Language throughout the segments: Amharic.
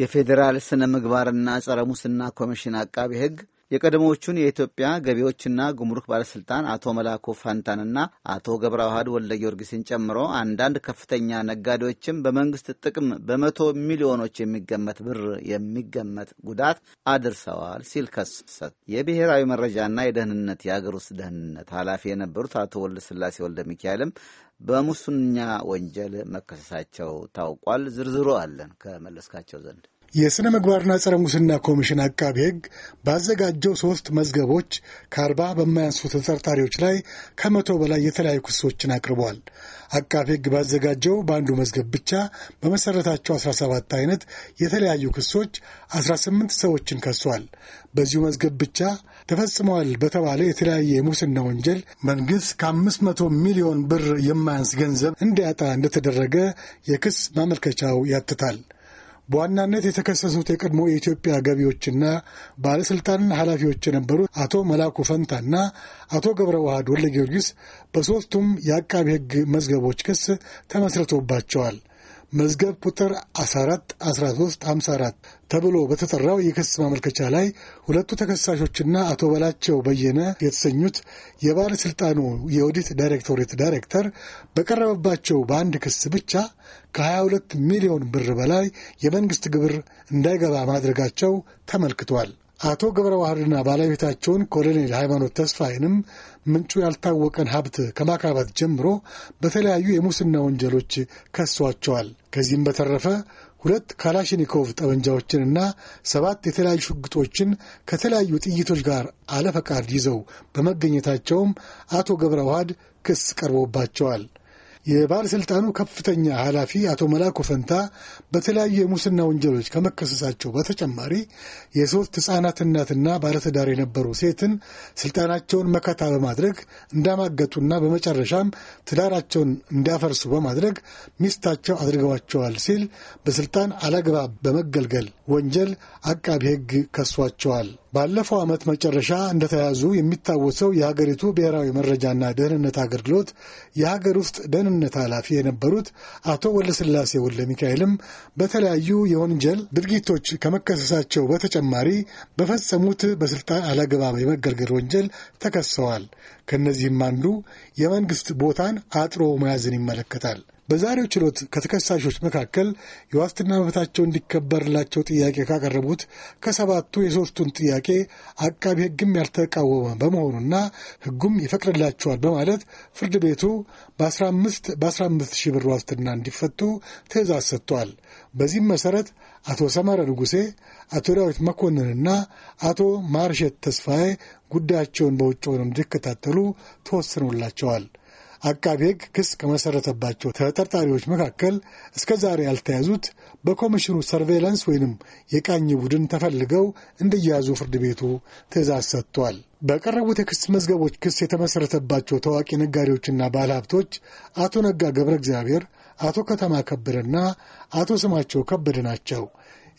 የፌዴራል ስነ ምግባርና ጸረ ሙስና ኮሚሽን አቃቢ ህግ የቀድሞዎቹን የኢትዮጵያ ገቢዎችና ጉምሩክ ባለስልጣን አቶ መላኩ ፈንታንና አቶ ገብረ ዋህድ ወልደ ጊዮርጊስን ጨምሮ አንዳንድ ከፍተኛ ነጋዴዎችም በመንግስት ጥቅም በመቶ ሚሊዮኖች የሚገመት ብር የሚገመት ጉዳት አድርሰዋል ሲል ከሰሰ። የብሔራዊ መረጃና የደህንነት የአገር ውስጥ ደህንነት ኃላፊ የነበሩት አቶ ወልደ ስላሴ ወልደ ሚካኤልም በሙስና ወንጀል መከሰሳቸው ታውቋል። ዝርዝሩ አለን ከመለስካቸው ዘንድ የሥነ ምግባርና ጸረ ሙስና ኮሚሽን አቃቢ ሕግ ባዘጋጀው ሦስት መዝገቦች ከአርባ በማያንሱ ተጠርጣሪዎች ላይ ከመቶ በላይ የተለያዩ ክሶችን አቅርቧል። አቃቢ ሕግ ባዘጋጀው በአንዱ መዝገብ ብቻ በመሠረታቸው 17 አይነት የተለያዩ ክሶች 18 ሰዎችን ከሷል። በዚሁ መዝገብ ብቻ ተፈጽመዋል በተባለ የተለያየ የሙስና ወንጀል መንግሥት ከ500 ሚሊዮን ብር የማያንስ ገንዘብ እንዲያጣ እንደተደረገ የክስ ማመልከቻው ያትታል። በዋናነት የተከሰሱት የቀድሞ የኢትዮጵያ ገቢዎችና ባለሥልጣን ኃላፊዎች የነበሩት አቶ መላኩ ፈንታና አቶ ገብረ ዋህድ ወልደ ጊዮርጊስ በሦስቱም የአቃቢ ሕግ መዝገቦች ክስ ተመስርቶባቸዋል። መዝገብ ቁጥር 14 13 54 ተብሎ በተጠራው የክስ ማመልከቻ ላይ ሁለቱ ተከሳሾችና አቶ በላቸው በየነ የተሰኙት የባለሥልጣኑ የኦዲት ዳይሬክቶሬት ዳይሬክተር በቀረበባቸው በአንድ ክስ ብቻ ከ22 ሚሊዮን ብር በላይ የመንግሥት ግብር እንዳይገባ ማድረጋቸው ተመልክቷል። አቶ ገብረ ዋህድና ባለቤታቸውን ኮሎኔል ሃይማኖት ተስፋይንም ምንጩ ያልታወቀን ሀብት ከማካባት ጀምሮ በተለያዩ የሙስና ወንጀሎች ከሷቸዋል። ከዚህም በተረፈ ሁለት ካላሽኒኮቭ ጠመንጃዎችንና ሰባት የተለያዩ ሽጉጦችን ከተለያዩ ጥይቶች ጋር አለፈቃድ ይዘው በመገኘታቸውም አቶ ገብረ ዋህድ ክስ ቀርቦባቸዋል። የባለሥልጣኑ ከፍተኛ ኃላፊ አቶ መላኩ ፈንታ በተለያዩ የሙስና ወንጀሎች ከመከሰሳቸው በተጨማሪ የሶስት ሕፃናት እናትና ባለትዳር የነበሩ ሴትን ስልጣናቸውን መከታ በማድረግ እንዳማገጡና በመጨረሻም ትዳራቸውን እንዲያፈርሱ በማድረግ ሚስታቸው አድርገዋቸዋል ሲል በስልጣን አላግባብ በመገልገል ወንጀል አቃቢ ሕግ ከሷቸዋል። ባለፈው ዓመት መጨረሻ እንደተያዙ የሚታወሰው የሀገሪቱ ብሔራዊ መረጃና ደህንነት አገልግሎት የሀገር ውስጥ ደህንነት ኃላፊ የነበሩት አቶ ወለስላሴ ወለ ሚካኤልም በተለያዩ የወንጀል ድርጊቶች ከመከሰሳቸው በተጨማሪ በፈጸሙት በስልጣን አለግባብ የመገልገል ወንጀል ተከሰዋል። ከእነዚህም አንዱ የመንግስት ቦታን አጥሮ መያዝን ይመለከታል። በዛሬው ችሎት ከተከሳሾች መካከል የዋስትና መብታቸው እንዲከበርላቸው ጥያቄ ካቀረቡት ከሰባቱ የሦስቱን ጥያቄ አቃቢ ሕግም ያልተቃወመ በመሆኑና ሕጉም ይፈቅድላቸዋል በማለት ፍርድ ቤቱ በ15 በ15 ሺህ ብር ዋስትና እንዲፈቱ ትእዛዝ ሰጥቷል። በዚህም መሰረት አቶ ሰመረ ንጉሴ፣ አቶ ዳዊት መኮንንና አቶ ማርሸት ተስፋዬ ጉዳያቸውን በውጭ ሆነው እንዲከታተሉ ተወስኖላቸዋል። አቃቤ ሕግ ክስ ከመሰረተባቸው ተጠርጣሪዎች መካከል እስከ ዛሬ ያልተያዙት በኮሚሽኑ ሰርቬይላንስ ወይንም የቃኝ ቡድን ተፈልገው እንዲያዙ ፍርድ ቤቱ ትእዛዝ ሰጥቷል። በቀረቡት የክስ መዝገቦች ክስ የተመሰረተባቸው ታዋቂ ነጋዴዎችና ባለሀብቶች አቶ ነጋ ገብረ እግዚአብሔር አቶ ከተማ ከበደና አቶ ስማቸው ከበደ ናቸው።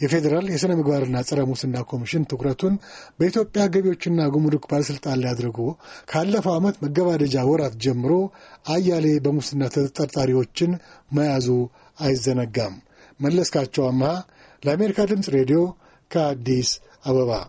የፌዴራል የሥነ ምግባርና ጸረ ሙስና ኮሚሽን ትኩረቱን በኢትዮጵያ ገቢዎችና ጉምሩክ ባለሥልጣን ላይ አድርጎ ካለፈው ዓመት መገባደጃ ወራት ጀምሮ አያሌ በሙስና ተጠርጣሪዎችን መያዙ አይዘነጋም። መለስካቸው አምሃ ለአሜሪካ ድምፅ ሬዲዮ ከአዲስ አበባ